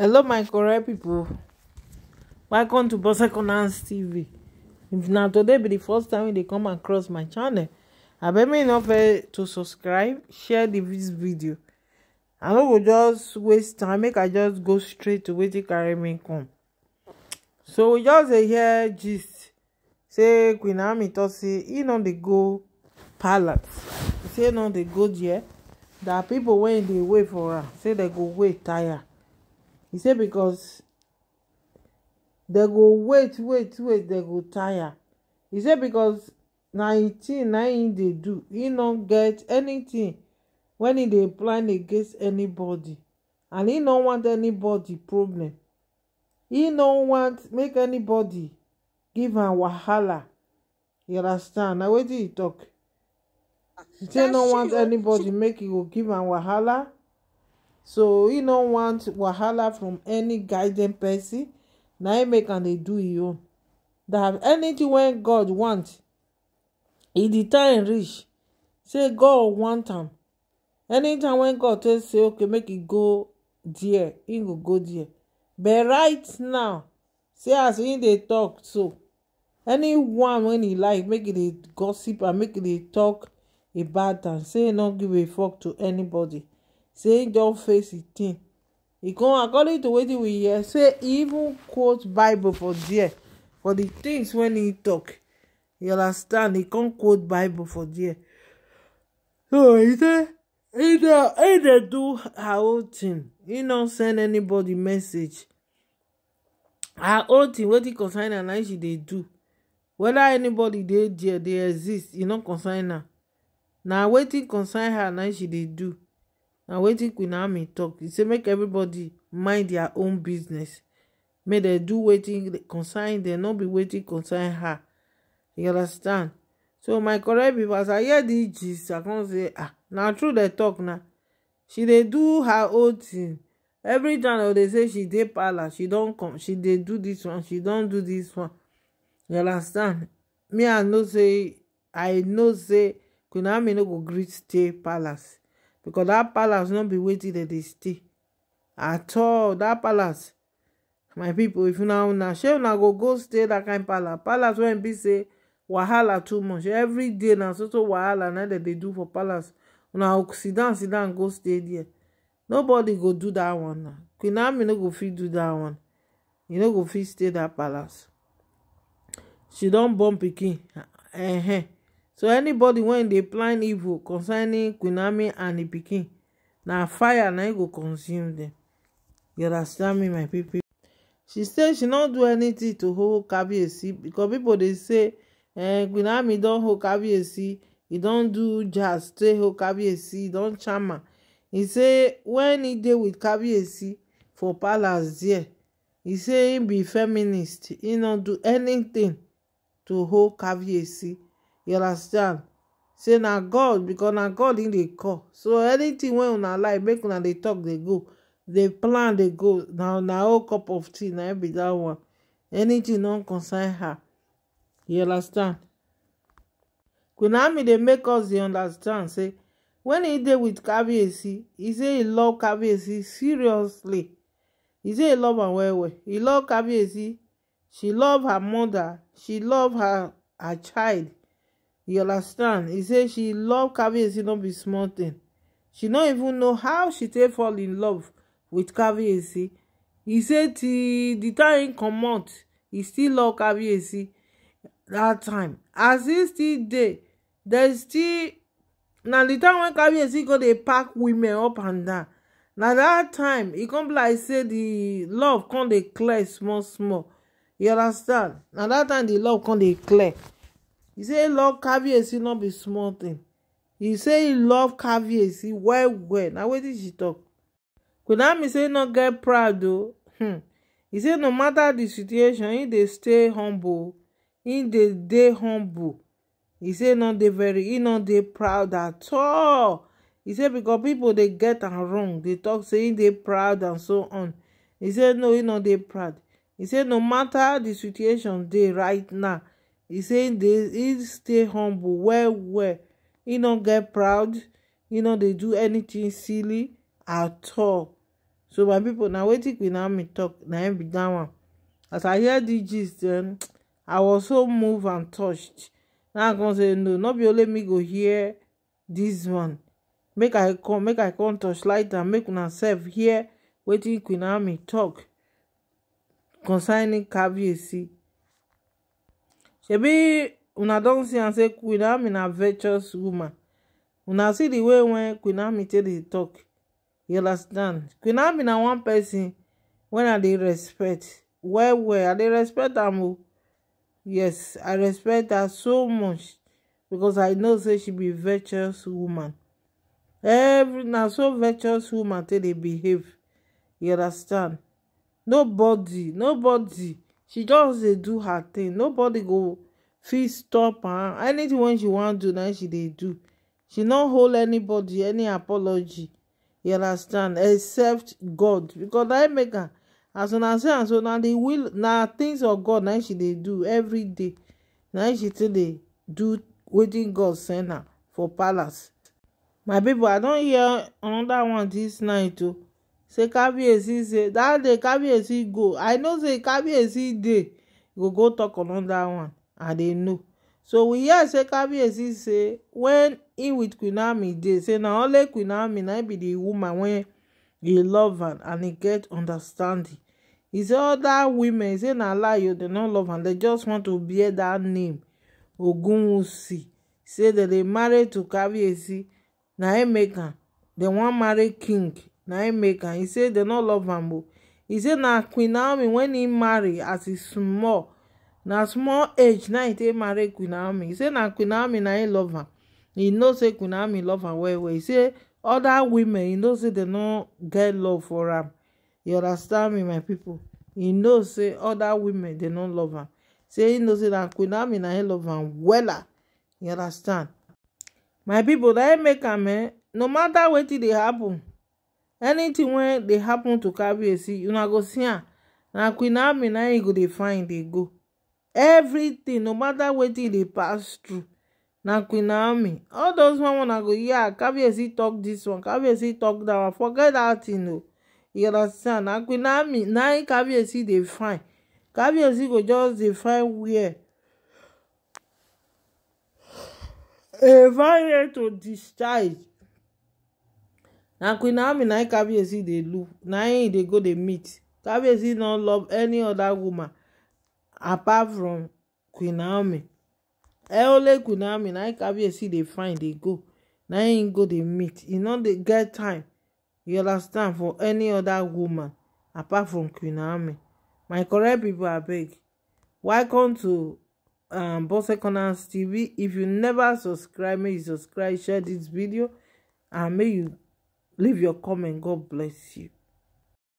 hello my correct people. welcome to Bossa Conans tv if now today be the first time they come across my channel I abemi no forget to subscribe share this video i no go just waste time make i just go straight to wetin carry me come so we just dey hear gist say queen Ami tok say e no dey go palace say e no dey go there that people wey they wait for her say they go wait tired. He say because they go wait wait wait They go tire He say because na e they do He don't get anything when he they plan against anybody and he don't want anybody problem He don't want make anybody give am wahala you understand Now where wetin e talk? He say no want anybody make you give am wahala so e no want wahala from any guiding person na him make am dey do e own that anything wey god want e the time reach say god want am anytime when god tell say okay make e go there e go go there but right now say as e dey talk so anyone wey he like make e dey gossip and make e dey talk about am say e no give a fuck to anybody saying john face sixteen He come according to wetin we hear say e even quote bible for there for the things wey he talk, you understand He come quote bible for there so he say he dey do her own tin e no send anybody message her own tin wetin concern her na she dey do Whether anybody dey there dey exist e no concern her na wetin concern her na she dey do na wetin queen army talk. e say make everybody mind their own business make dem do wetin concern dem no be wetin concern her you understand so my correct people, as i hear dis gist i come say ah na true dem talk na she dey do her own thing. every time they say she dey palace she don come she dey do this one she don do this one you understand me i know say i know say queen ami no go gree stay palace because that palace not be waiting dem dey stay at all That palace my people, if you now now shey now go go stay dat kain palace palace when be say wahala too much every day now. so so wahala now that they do for palace una down sit down go stay there nobody go do that one Now queen army no go fit do that one you no go fit stay that palace she don't don born pikin ehn so anybody wey dey plan evil concerning Kunami and im pikin na fire na im e go consume dem you understand me my pipo she say she no do anything to hold kabiyesi Because pipo dey say eh, queen ami don hold kabiyesi e don do jazz take hold kabiyesi e don charm am e say when e dey with kabiyesi for palace there e say im be feminist e no do anything to hold kabiyesi you understand say na god because na god him dey call so anything wey una like make una dey talk dey go dey plan dey go na na whole cup of tea na be that one anything don concern her you understand queen ami dey make us dey understand say when he dey with kabiyesi he say he love kabiyesi seriously He say he love am well well He love kabiyesi she love her mother she love her her child you understand He say she love Ezi. no be small tin she no even know how she take fall in love with caviarcy e say till the time im comot he still love Ezi. That time as e still dey dem still now the time when wen Ezi got a pack women up and down Now that time he come like say the love come dey clear small small you understand Now that time the love come dey clear he say love Kabiyesi not be small thing he say he love Kabiyesi well well na wetin she talk Kunami say not get proud though. hmm. he say no matter the situation he dey stay humble he they dey humble he say not they very he no dey proud at all he say because people they get and wrong They talk say he dey proud and so on he say no he not they proud he say no matter the situation they right now e say he stay humble well well He no get proud He no dey do anything silly at all so my pipo na wetin now me talk. na him be dat one as i hear dis gist um, i was so moved and touched now i come say no no be only me go hear this one make i come make i come torchlight am make una sef hear wetin queen naomi talk. concerning caviarcy shebi una don see am say queen army na virtuous woman una see di way wen queen army take dey talk, you understand queen army na one person? When i dey respect Where where i dey respect am yes i respect her so much because i know say she be virtuous woman every na so virtuous woman take they behave you understand nobody nobody she just dey do her thing nobody go fit stop her anything wey she wan do na she dey do she no hold anybody any apology you understand except god because na make her. as una say am so na the will na things of god na she dey do every day na she still dey do wetin god send am for palace my people, i don hear anoda one dis night o oh say kabiyesi say dat day kabiyesi go i know say kabiyesi dey go go talk another one i dey know so we hear say kabiyesi say when he with queen naomi dey say na only queen naomi na be the woman wey he love am and he get understanding He say oda women say na lie o oh, dem no love am dem just want to bear that name ogunwusi say dem dey marry to kabiyesi na im make am dem wan marry king na im make am e say dem no love am o e say na queen naomi wen im marry as e small na small age na im take marry queen naomi e say na queen naomi na im love am e know say queen naomi love am well well e say oda women e know say dem no get love for am you understand me my pipo e know say oda women dem no love am say e know say na queen naomi na im love am wella you understand my pipo na im make am eh no matter wetin dey happen anything wey dey happen to kabiyesi una go see am na queen naomi na im go dey find dey go everything no matter wetin e dey pass through na queen naomi all those one una go hear kabiyesi talk this one kabiyesi talk that one forget that thing o you understand na queen naomi na im kabiyesi dey find kabiyesi go just dey find where a variant to discharge na queen naomi na kabiyesi dey look na him e dey go dey meet kabiyesi no love any other woman apart from queen naomi eh, only queen naomi na kabiyesi dey find dey go na him e go dey meet He no dey get time you understand for any other woman apart from queen naomi my correct pipo abeg welcome to um, boss economics tv if you never subscribe make you subscribe share this video and make you Leave your comment. God bless you.